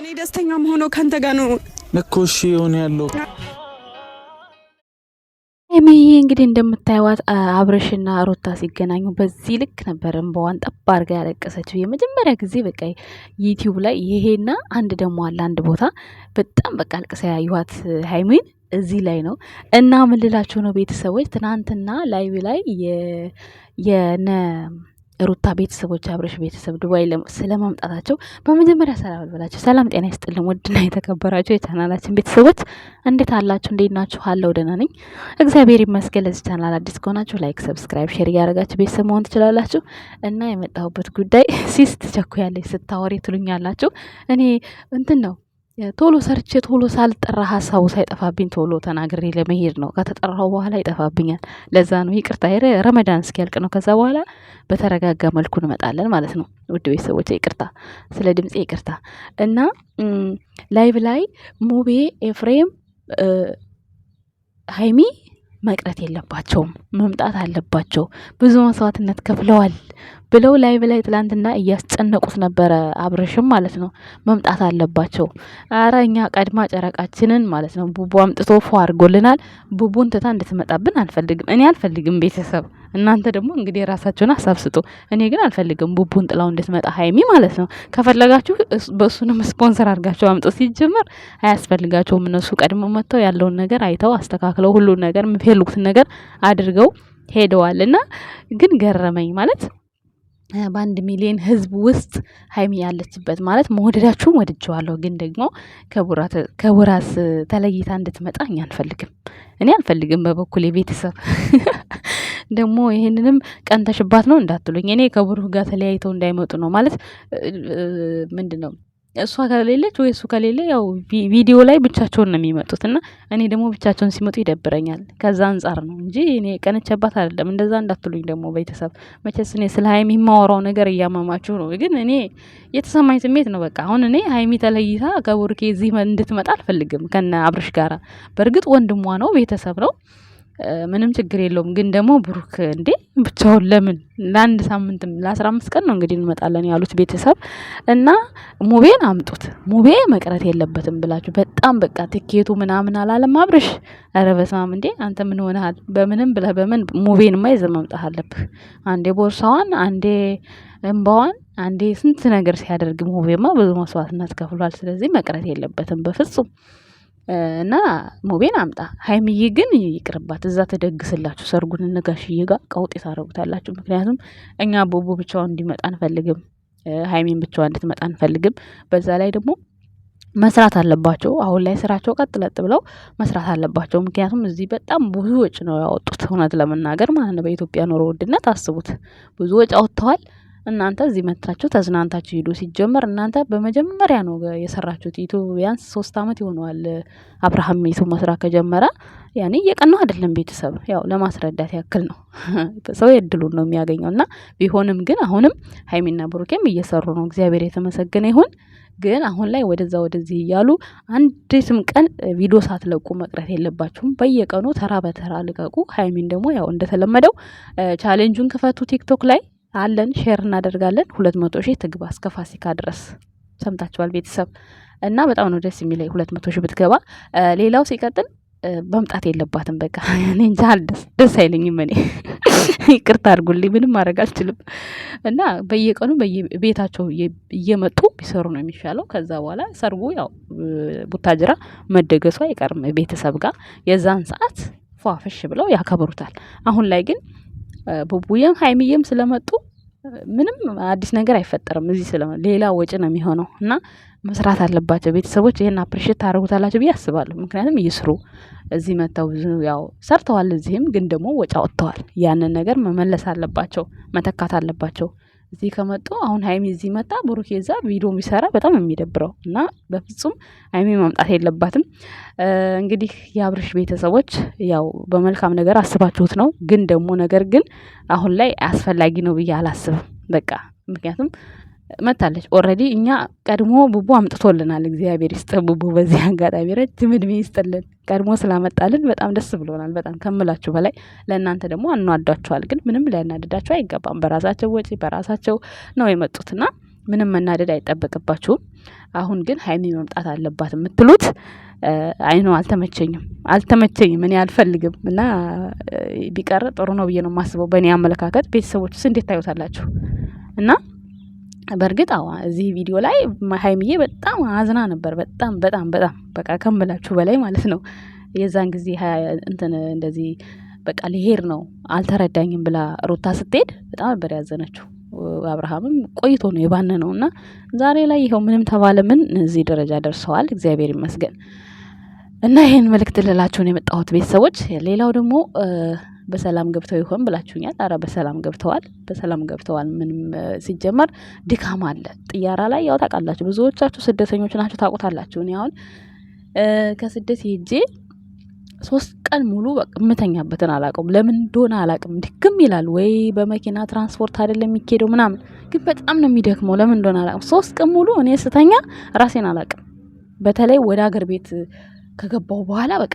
እኔ ደስተኛም ሆኖ ከንተ ጋር ነው እኮ እሺ የሆነ ያለው ሀይሚዬ እንግዲህ እንደምታዩዋት አብረሽና ሮታ ሲገናኙ በዚህ ልክ ነበር እንባዋን ጠብ አድርጋ ያለቀሰችው። የመጀመሪያ ጊዜ በቃ ዩቲዩብ ላይ ይሄና አንድ ደግሞ አለ አንድ ቦታ በጣም በቃ አልቅሳ ያዩዋት ሀይሚን እዚህ ላይ ነው እና ምን ልላችሁ ነው ቤተሰቦች ትናንትና ላይቭ ላይ የነ ሩታ ቤተሰቦች አብረሽ ቤተሰብ ዱባይ ስለማምጣታቸው በመጀመሪያ ሰላም ልበላቸው። ሰላም ጤና ይስጥልን ውድና የተከበራቸው የቻናላችን ቤተሰቦች እንዴት አላችሁ? እንዴት ናችሁ? አለው ደህና ነኝ እግዚአብሔር ይመስገን። ለዚህ ቻናል አዲስ ከሆናችሁ ላይክ፣ ሰብስክራይብ፣ ሼር እያደረጋችሁ ቤተሰብ መሆን ትችላላችሁ። እና የመጣሁበት ጉዳይ ሲስ ያለች ስታወሪ ትሉኛላችሁ። እኔ እንትን ነው ቶሎ ሰርቼ ቶሎ ሳልጠራ ሀሳቡ ሳይጠፋብኝ ቶሎ ተናግሬ ለመሄድ ነው። ከተጠራው በኋላ ይጠፋብኛል። ለዛ ነው ይቅርታ ረመዳን እስኪያልቅ ነው። ከዛ በኋላ በተረጋጋ መልኩ እንመጣለን ማለት ነው። ውድ ቤተሰቦች ይቅርታ፣ ስለ ድምፄ ይቅርታ። እና ላይቭ ላይ ሙቤ ኤፍሬም ሀይሚ መቅረት የለባቸውም፣ መምጣት አለባቸው። ብዙ መስዋዕትነት ከፍለዋል። ብለው ላይ በላይ ትላንትና እያስጨነቁት ነበረ። አብረሽም ማለት ነው መምጣት አለባቸው። አረ እኛ ቀድማ ጨረቃችንን ማለት ነው ቡቡ አምጥቶ ፎ አድርጎልናል። ቡቡን ትታ እንድትመጣብን አንፈልግም። እኔ አልፈልግም ቤተሰብ እናንተ ደግሞ እንግዲህ የራሳችሁን ሀሳብ ስጡ። እኔ ግን አልፈልግም ቡቡን ጥላው እንድትመጣ ሀይሚ ማለት ነው። ከፈለጋችሁ በእሱንም ስፖንሰር አድርጋቸው አምጦ ሲጀመር አያስፈልጋቸውም። እነሱ ቀድሞ መጥተው ያለውን ነገር አይተው አስተካክለው ሁሉን ነገር የሚፈልጉትን ነገር አድርገው ሄደዋል እና ግን ገረመኝ ማለት በአንድ ሚሊዮን ህዝብ ውስጥ ሀይሚ ያለችበት ማለት መወደዳችሁም ወድጀዋለሁ፣ ግን ደግሞ ከቡራስ ተለይታ እንድትመጣ እኛ አንፈልግም። እኔ አልፈልግም በበኩል የቤተሰብ ደግሞ ይህንንም ቀንተሽባት ነው እንዳትሉኝ። እኔ ከቡሩህ ጋር ተለያይተው እንዳይመጡ ነው ማለት ምንድን ነው እሷ ከሌለች ወይ እሱ ከሌለ ያው ቪዲዮ ላይ ብቻቸውን ነው የሚመጡት እና እኔ ደግሞ ብቻቸውን ሲመጡ ይደብረኛል። ከዛ አንጻር ነው እንጂ እኔ ቀንቼባት አይደለም። እንደዛ እንዳትሉኝ ደግሞ ቤተሰብ። መቼስ እኔ ስለ ሀይሚ የማወራው ነገር እያመማችሁ ነው። ግን እኔ የተሰማኝ ስሜት ነው በቃ። አሁን እኔ ሀይሚ ተለይታ ከቡርኬ እዚህ እንድትመጣ አልፈልግም ከነ አብርሽ ጋራ። በእርግጥ ወንድሟ ነው ቤተሰብ ነው ምንም ችግር የለውም። ግን ደግሞ ብሩክ እንዴ ብቻውን ለምን ለአንድ ሳምንት ለአስራ አምስት ቀን ነው እንግዲህ እንመጣለን ያሉት ቤተሰብ እና ሙቤን አምጡት፣ ሙቤ መቅረት የለበትም ብላችሁ በጣም በቃ ትኬቱ ምናምን አላለም አብርሽ። ኧረ በስመ አብ እንዴ አንተ ምን ሆነሃል? በምንም ብለህ በምን ሙቤንማ ይዘህ መምጣት አለብህ። አንዴ ቦርሳዋን፣ አንዴ እንባዋን፣ አንዴ ስንት ነገር ሲያደርግ ሙቤማ ብዙ መስዋዕትነት ከፍሏል። ስለዚህ መቅረት የለበትም በፍጹም እና ሙቤን አምጣ። ሀይሚዬ ግን ይቅርባት፣ እዛ ተደግስላችሁ ሰርጉን እነጋሽዬ ጋር ቀውጤ ታረጉታላችሁ። ምክንያቱም እኛ ቦቦ ብቻዋን እንዲመጣ አንፈልግም፣ ሀይሚን ብቻዋን እንድትመጣ አንፈልግም። በዛ ላይ ደግሞ መስራት አለባቸው። አሁን ላይ ስራቸው ቀጥ ለጥ ብለው መስራት አለባቸው። ምክንያቱም እዚህ በጣም ብዙ ወጪ ነው ያወጡት፣ እውነት ለመናገር ማለት ነው። በኢትዮጵያ ኑሮ ውድነት አስቡት፣ ብዙ ወጪ አወጥተዋል። እናንተ እዚህ መጥታችሁ ተዝናንታችሁ ሂዱ። ሲጀመር እናንተ በመጀመሪያ ነው የሰራችሁት። ዩቱብ ቢያንስ ሶስት አመት ይሆነዋል አብርሃም ዩቱብ መስራት ከጀመረ። ያኔ እየቀናው አይደለም ቤተሰብ፣ ያው ለማስረዳት ያክል ነው። ሰው የድሉን ነው የሚያገኘው እና ቢሆንም ግን አሁንም ሀይሚና ብሩኬም እየሰሩ ነው። እግዚአብሔር የተመሰገነ ይሁን። ግን አሁን ላይ ወደዛ ወደዚህ እያሉ አንዲትም ቀን ቪዲዮ ሳትለቁ መቅረት የለባችሁም። በየቀኑ ተራ በተራ ልቀቁ። ሀይሚን ደግሞ ያው እንደተለመደው ቻሌንጁን ክፈቱ ቲክቶክ ላይ አለን ሼር እናደርጋለን። ሁለት መቶ ሺህ ትግባ እስከ ፋሲካ ድረስ ሰምታችኋል ቤተሰብ። እና በጣም ነው ደስ የሚለኝ ሁለት መቶ ሺህ ብትገባ። ሌላው ሲቀጥል መምጣት የለባትም በቃ እኔ እንጃ ደስ አይለኝም። እኔ ይቅርታ አድርጉልኝ ምንም ማድረግ አልችልም። እና በየቀኑ ቤታቸው እየመጡ ቢሰሩ ነው የሚሻለው። ከዛ በኋላ ሰርጉ ያው ቡታጅራ መደገሱ አይቀርም ቤተሰብ ጋር የዛን ሰዓት ፏፈሽ ብለው ያከብሩታል። አሁን ላይ ግን ቡቡዬም ሀይሚዬም ስለመጡ ምንም አዲስ ነገር አይፈጠርም። እዚህ ስለ ሌላ ወጪ ነው የሚሆነው እና መስራት አለባቸው ቤተሰቦች። ይህን አፕሪሽት ታደርጉታላቸው ብዬ አስባለሁ። ምክንያቱም ይስሩ። እዚህ መጥተው ብዙ ያው ሰርተዋል፣ እዚህም ግን ደግሞ ወጪ አውጥተዋል። ያንን ነገር መመለስ አለባቸው፣ መተካት አለባቸው። እዚህ ከመጡ አሁን ሀይሚ እዚህ መጣ ብሩኬ እዛ ቪዲዮ የሚሰራ በጣም የሚደብረው እና በፍጹም ሀይሚ መምጣት የለባትም። እንግዲህ የአብርሽ ቤተሰቦች ያው በመልካም ነገር አስባችሁት ነው፣ ግን ደግሞ ነገር ግን አሁን ላይ አስፈላጊ ነው ብዬ አላስብም። በቃ ምክንያቱም መታለች። ኦልሬዲ እኛ ቀድሞ ቡቡ አምጥቶልናል። እግዚአብሔር ይስጥ ቡቡ፣ በዚህ አጋጣሚ ረጅም እድሜ ይስጥልን። ቀድሞ ስላመጣልን በጣም ደስ ብሎናል። በጣም ከምላችሁ በላይ ለእናንተ ደግሞ አኗዷችኋል። ግን ምንም ሊያናድዳቸው አይገባም። በራሳቸው ወጪ በራሳቸው ነው የመጡትና ምንም መናደድ አይጠበቅባችሁም። አሁን ግን ሀይሚ መምጣት አለባት የምትሉት አይኖ አልተመቸኝም፣ አልተመቸኝም እኔ አልፈልግም እና ቢቀር ጥሩ ነው ብዬ ነው የማስበው። በእኔ አመለካከት ቤተሰቦች ስ እንዴት ታዩታላችሁ እና በእርግጥ አዎ እዚህ ቪዲዮ ላይ ሀይሚዬ በጣም አዝና ነበር። በጣም በጣም በጣም በቃ ከምላችሁ በላይ ማለት ነው። የዛን ጊዜ እንትን እንደዚህ በቃ ልሄድ ነው አልተረዳኝም ብላ ሩታ ስትሄድ በጣም ነበር ያዘነችው። አብርሃምም ቆይቶ ነው የባነ ነው እና ዛሬ ላይ ይኸው ምንም ተባለ ምን እዚህ ደረጃ ደርሰዋል። እግዚአብሔር ይመስገን እና ይህን መልእክት ልላችሁን የመጣሁት ቤተሰቦች ሌላው ደግሞ በሰላም ገብተው ይሆን ብላችሁኛል። አረ በሰላም ገብተዋል፣ በሰላም ገብተዋል። ምንም ሲጀመር ድካም አለ ጥያራ ላይ ያው ታውቃላችሁ፣ ብዙዎቻችሁ ስደተኞች ናችሁ ታውቁታላችሁ። እኔ አሁን ከስደት ሄጄ ሶስት ቀን ሙሉ የምተኛበትን አላውቀውም። ለምን እንደሆነ አላውቅም። ድክም ይላል ወይ በመኪና ትራንስፖርት አይደለም የሚኬደው ምናምን፣ ግን በጣም ነው የሚደክመው። ለምን እንደሆነ አላውቅም። ሶስት ቀን ሙሉ እኔ ስተኛ ራሴን አላውቅም። በተለይ ወደ አገር ቤት ከገባው በኋላ በቃ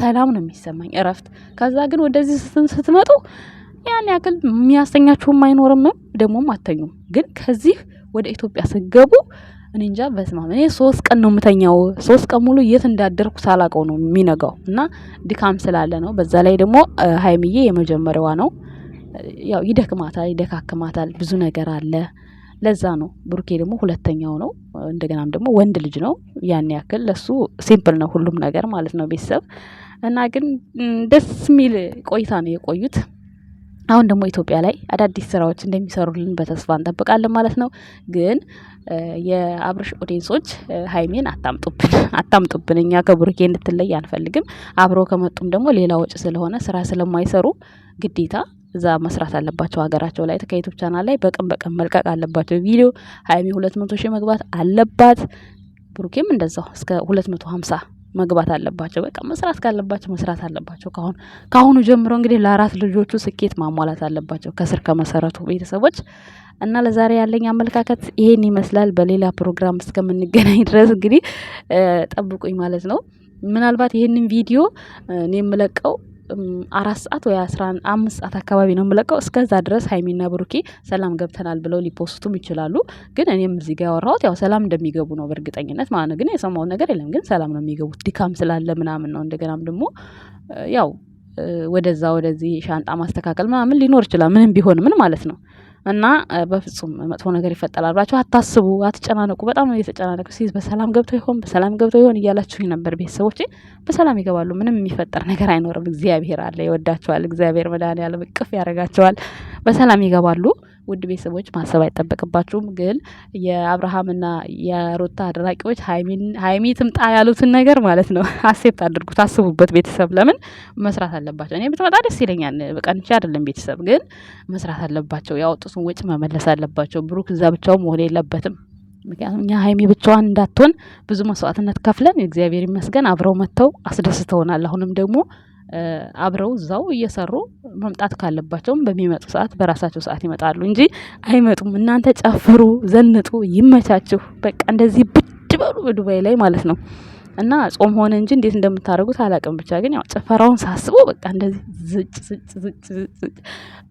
ሰላም ነው የሚሰማኝ እረፍት። ከዛ ግን ወደዚህ ስትመጡ ያን ያክል የሚያስተኛችሁም አይኖርም ደግሞም አተኙም። ግን ከዚህ ወደ ኢትዮጵያ ስገቡ እንጃ በስማም እኔ ሶስት ቀን ነው የምተኛው። ሶስት ቀን ሙሉ የት እንዳደርኩ ሳላቀው ነው የሚነጋው እና ድካም ስላለ ነው። በዛ ላይ ደግሞ ሀይምዬ የመጀመሪያዋ ነው። ያው ይደክማታል፣ ይደካክማታል። ብዙ ነገር አለ። ለዛ ነው ብሩኬ ደግሞ ሁለተኛው ነው። እንደገናም ደግሞ ወንድ ልጅ ነው። ያን ያክል ለሱ ሲምፕል ነው ሁሉም ነገር ማለት ነው ቤተሰብ እና ግን ደስ የሚል ቆይታ ነው የቆዩት። አሁን ደግሞ ኢትዮጵያ ላይ አዳዲስ ስራዎች እንደሚሰሩልን በተስፋ እንጠብቃለን ማለት ነው። ግን የአብርሽ ኦዲንሶች ሀይሜን አታምጡብን አታምጡብን፣ እኛ ከቡርኬ እንድትለይ አንፈልግም። አብሮ ከመጡም ደግሞ ሌላ ወጪ ስለሆነ ስራ ስለማይሰሩ ግዴታ እዛ መስራት አለባቸው ሀገራቸው ላይ ከዩቱብ ቻናል ላይ በቀን በቀን መልቀቅ አለባቸው ቪዲዮ ሀይሚ ሁለት መቶ ሺህ መግባት አለባት ብሩኬም እንደዛው እስከ ሁለት መቶ ሀምሳ መግባት አለባቸው። በቃ መስራት ካለባቸው መስራት አለባቸው። ካሁን ካሁኑ ጀምሮ እንግዲህ ለአራት ልጆቹ ስኬት ማሟላት አለባቸው ከስር ከመሰረቱ ቤተሰቦች እና ለዛሬ ያለኝ አመለካከት ይሄን ይመስላል። በሌላ ፕሮግራም እስከምንገናኝ ድረስ እንግዲህ ጠብቁኝ ማለት ነው። ምናልባት ይህንን ቪዲዮ እኔ የምለቀው አራት ሰዓት ወይ አስራ አምስት ሰዓት አካባቢ ነው የምለቀው። እስከዛ ድረስ ሀይሚና ብሩኬ ሰላም ገብተናል ብለው ሊፖስቱም ይችላሉ። ግን እኔም እዚህ ጋር ያወራሁት ያው ሰላም እንደሚገቡ ነው በእርግጠኝነት ማለት ነው። ግን የሰማሁት ነገር የለም። ግን ሰላም ነው የሚገቡት ድካም ስላለ ምናምን ነው። እንደገናም ደግሞ ያው ወደዛ ወደዚህ ሻንጣ ማስተካከል ምናምን ሊኖር ይችላል። ምንም ቢሆን ምን ማለት ነው እና በፍጹም መጥፎ ነገር ይፈጠራል ብላችሁ አታስቡ፣ አትጨናነቁ። በጣም ነው የተጨናነቁ ሲዝ በሰላም ገብቶ ይሆን በሰላም ገብቶ ይሆን እያላችሁ ነበር። ቤተሰቦች በሰላም ይገባሉ። ምንም የሚፈጠር ነገር አይኖርም። እግዚአብሔር አለ፣ ይወዳቸዋል። እግዚአብሔር መድኃኔዓለም እቅፍ ያደርጋቸዋል። በሰላም ይገባሉ። ውድ ቤተሰቦች ማሰብ አይጠበቅባችሁም። ግን የአብርሃምና የሩታ አድናቂዎች ሀይሚ ትምጣ ያሉትን ነገር ማለት ነው አሴፕት አድርጉት፣ አስቡበት። ቤተሰብ ለምን መስራት አለባቸው? እኔ ብትመጣ ደስ ይለኛል። በቀን ቻ አይደለም ቤተሰብ ግን መስራት አለባቸው። ያወጡትን ወጪ መመለስ አለባቸው። ብሩክ እዛ ብቻው መሆን የለበትም። ምክንያቱም እኛ ሀይሚ ብቻዋን እንዳትሆን ብዙ መስዋዕትነት ከፍለን እግዚአብሔር ይመስገን አብረው መጥተው አስደስተውናል። አሁንም ደግሞ አብረው እዛው እየሰሩ መምጣት ካለባቸውም በሚመጡ ሰዓት በራሳቸው ሰዓት ይመጣሉ እንጂ አይመጡም። እናንተ ጨፍሩ፣ ዘንጡ፣ ይመቻችሁ። በቃ እንደዚህ ብድ በሉ በዱባይ ላይ ማለት ነው። እና ጾም ሆነ እንጂ እንዴት እንደምታደርጉት አላውቅም። ብቻ ግን ያው ጭፈራውን ሳስበው በቃ እንደዚህ ዝጭ ዝጭ ዝጭ ዝጭ።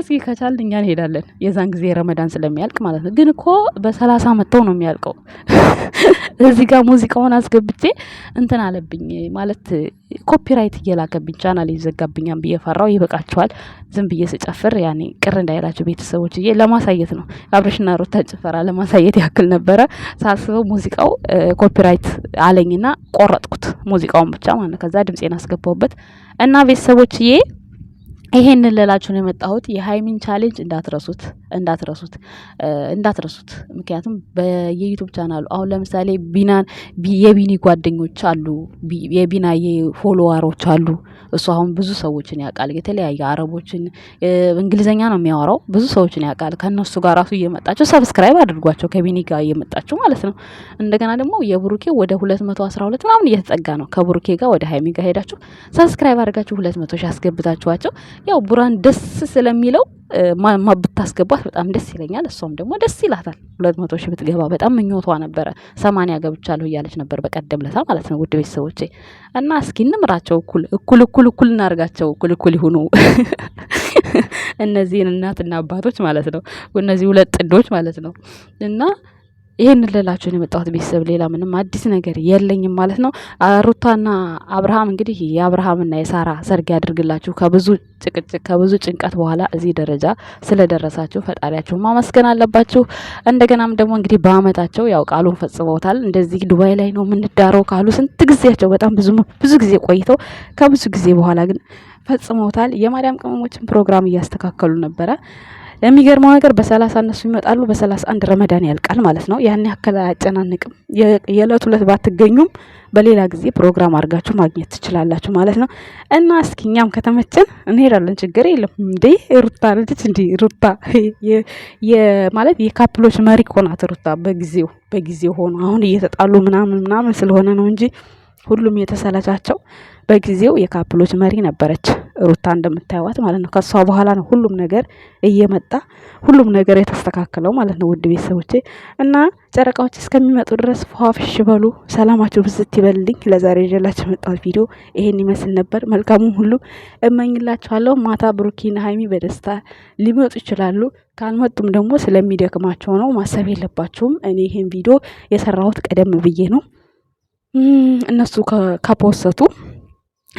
እስኪ ከቻል እኛ እንሄዳለን የዛን ጊዜ ረመዳን ስለሚያልቅ ማለት ነው። ግን እኮ በሰላሳ መጥተው ነው የሚያልቀው እዚህ ጋር ሙዚቃውን አስገብቼ እንትን አለብኝ ማለት ኮፒራይት እየላከብኝ ቻናል ይዘጋብኛል ብዬ ፈራው። ይበቃቸዋል ዝም ብዬ ስጨፍር ያኔ ቅር እንዳይላቸው ቤተሰቦች እዬ ለማሳየት ነው። አብረሽና ሩታ ጭፈራ ለማሳየት ያክል ነበረ ሳስበው ሙዚቃው ኮፒራይት አለኝና ቆረጥኩት ሙዚቃውን ብቻ ማለት ከዛ ድምፄን አስገባውበት እና ቤተሰቦች እዬ ይሄን ልላችሁ ነው የመጣሁት። የሃይሚን ቻሌንጅ እንዳትረሱት እንዳትረሱት እንዳትረሱት። ምክንያቱም በየዩቱብ ቻናሉ አሁን ለምሳሌ ቢናን የቢኒ ጓደኞች አሉ፣ የቢና የፎሎዋሮች አሉ። እሱ አሁን ብዙ ሰዎችን ያውቃል፣ የተለያየ አረቦችን፣ እንግሊዝኛ ነው የሚያወራው። ብዙ ሰዎችን ያውቃል። ከእነሱ ጋር ራሱ እየመጣቸው ሰብስክራይብ አድርጓቸው፣ ከቢኒ ጋር እየመጣቸው ማለት ነው። እንደገና ደግሞ የቡሩኬ ወደ ሁለት መቶ አስራ ሁለት ምናምን እየተጠጋ ነው። ከቡሩኬ ጋር ወደ ሀይሚ ጋር ሄዳችሁ ሰብስክራይብ አድርጋችሁ ሁለት መቶ ሺ ያስገብታችኋቸው ያው ቡራን ደስ ስለሚለው ማማ ብታስገባት በጣም ደስ ይለኛል። እሷም ደግሞ ደስ ይላታል። ሁለት መቶ ሺህ ብትገባ በጣም ምኞቷ ነበረ። ሰማንያ ገብቻለሁ እያለች ነበር በቀደም ለታ ማለት ነው። ውድ ቤተሰቦቼ እና እስኪ እንምራቸው፣ እኩል እኩል እኩል እኩል እናርጋቸው፣ እኩል እኩል ይሁኑ እነዚህን እናትና አባቶች ማለት ነው። እነዚህ ሁለት ጥንዶች ማለት ነው እና ይሄንን ልላችሁ ነው የመጣሁት ቤተሰብ። ሌላ ምንም አዲስ ነገር የለኝም ማለት ነው። ሩታና አብርሃም እንግዲህ የአብርሃምና የሳራ ሰርግ ያድርግላችሁ። ከብዙ ጭቅጭቅ ከብዙ ጭንቀት በኋላ እዚህ ደረጃ ስለደረሳችሁ ፈጣሪያችሁ ማመስገን አለባችሁ። እንደገናም ደግሞ እንግዲህ በአመታቸው ያው ቃሉን ፈጽመውታል። እንደዚህ ዱባይ ላይ ነው የምንዳረው ካሉ ስንት ጊዜያቸው በጣም ብዙ ብዙ ጊዜ ቆይተው ከብዙ ጊዜ በኋላ ግን ፈጽመውታል። የማርያም ቅመሞችን ፕሮግራም እያስተካከሉ ነበረ። የሚገርመው ነገር በሰላሳ እነሱ ይመጣሉ፣ በሰላሳ አንድ ረመዳን ያልቃል ማለት ነው። ያን ያክል አያጨናንቅም። የእለት ሁለት ባትገኙም በሌላ ጊዜ ፕሮግራም አድርጋችሁ ማግኘት ትችላላችሁ ማለት ነው። እና እስኪ እኛም ከተመቸን እንሄዳለን፣ ችግር የለም። እንዴ ሩታ ነች እንዲ ሩታ ማለት የካፕሎች መሪ እኮ ናት ሩታ። በጊዜው በጊዜው ሆኖ አሁን እየተጣሉ ምናምን ምናምን ስለሆነ ነው እንጂ ሁሉም የተሰላቻቸው በጊዜው የካፕሎች መሪ ነበረች። ሩታ እንደምታዩዋት ማለት ነው። ከእሷ በኋላ ነው ሁሉም ነገር እየመጣ ሁሉም ነገር የተስተካከለው ማለት ነው። ውድ ቤተሰቦቼ እና ጨረቃዎች እስከሚመጡ ድረስ ፏፍሽ በሉ፣ ሰላማችሁ ብዝት ይበልልኝ። ለዛሬ ይዤላችሁ የመጣሁት ቪዲዮ ይሄን ይመስል ነበር። መልካሙም ሁሉ እመኝላችኋለሁ። ማታ ብሩኪን ሀይሚ በደስታ ሊመጡ ይችላሉ። ካልመጡም ደግሞ ስለሚደክማቸው ነው፣ ማሰብ የለባችሁም። እኔ ይሄን ቪዲዮ የሰራሁት ቀደም ብዬ ነው እነሱ ከፖሰቱ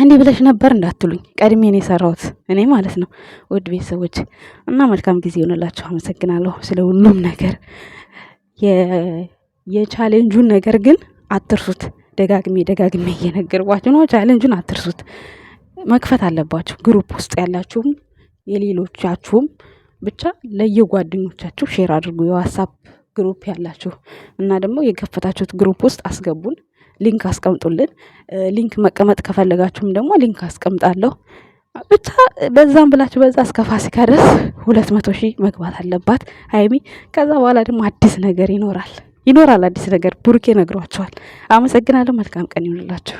እንዲህ ብለሽ ነበር እንዳትሉኝ፣ ቀድሜ ነው የሰራሁት እኔ ማለት ነው። ውድ ቤተሰቦች እና መልካም ጊዜ ይሆንላችሁ። አመሰግናለሁ ስለ ሁሉም ነገር። የቻሌንጁን ነገር ግን አትርሱት። ደጋግሜ ደጋግሜ እየነገርኳችሁ ነው። ቻሌንጁን አትርሱት። መክፈት አለባችሁ። ግሩፕ ውስጥ ያላችሁም የሌሎቻችሁም ብቻ ለየጓደኞቻችሁ ሼር አድርጉ። የዋትሳፕ ግሩፕ ያላችሁ እና ደግሞ የከፈታችሁት ግሩፕ ውስጥ አስገቡን። ሊንክ አስቀምጡልን። ሊንክ መቀመጥ ከፈለጋችሁም ደግሞ ሊንክ አስቀምጣለሁ። ብቻ በዛም ብላችሁ በዛ እስከ ፋሲካ ድረስ ሁለት መቶ ሺህ መግባት አለባት ሀይሚ። ከዛ በኋላ ደግሞ አዲስ ነገር ይኖራል ይኖራል አዲስ ነገር ቡርኬ ነግሯቸዋል። አመሰግናለሁ። መልካም ቀን ይሆንላችሁ።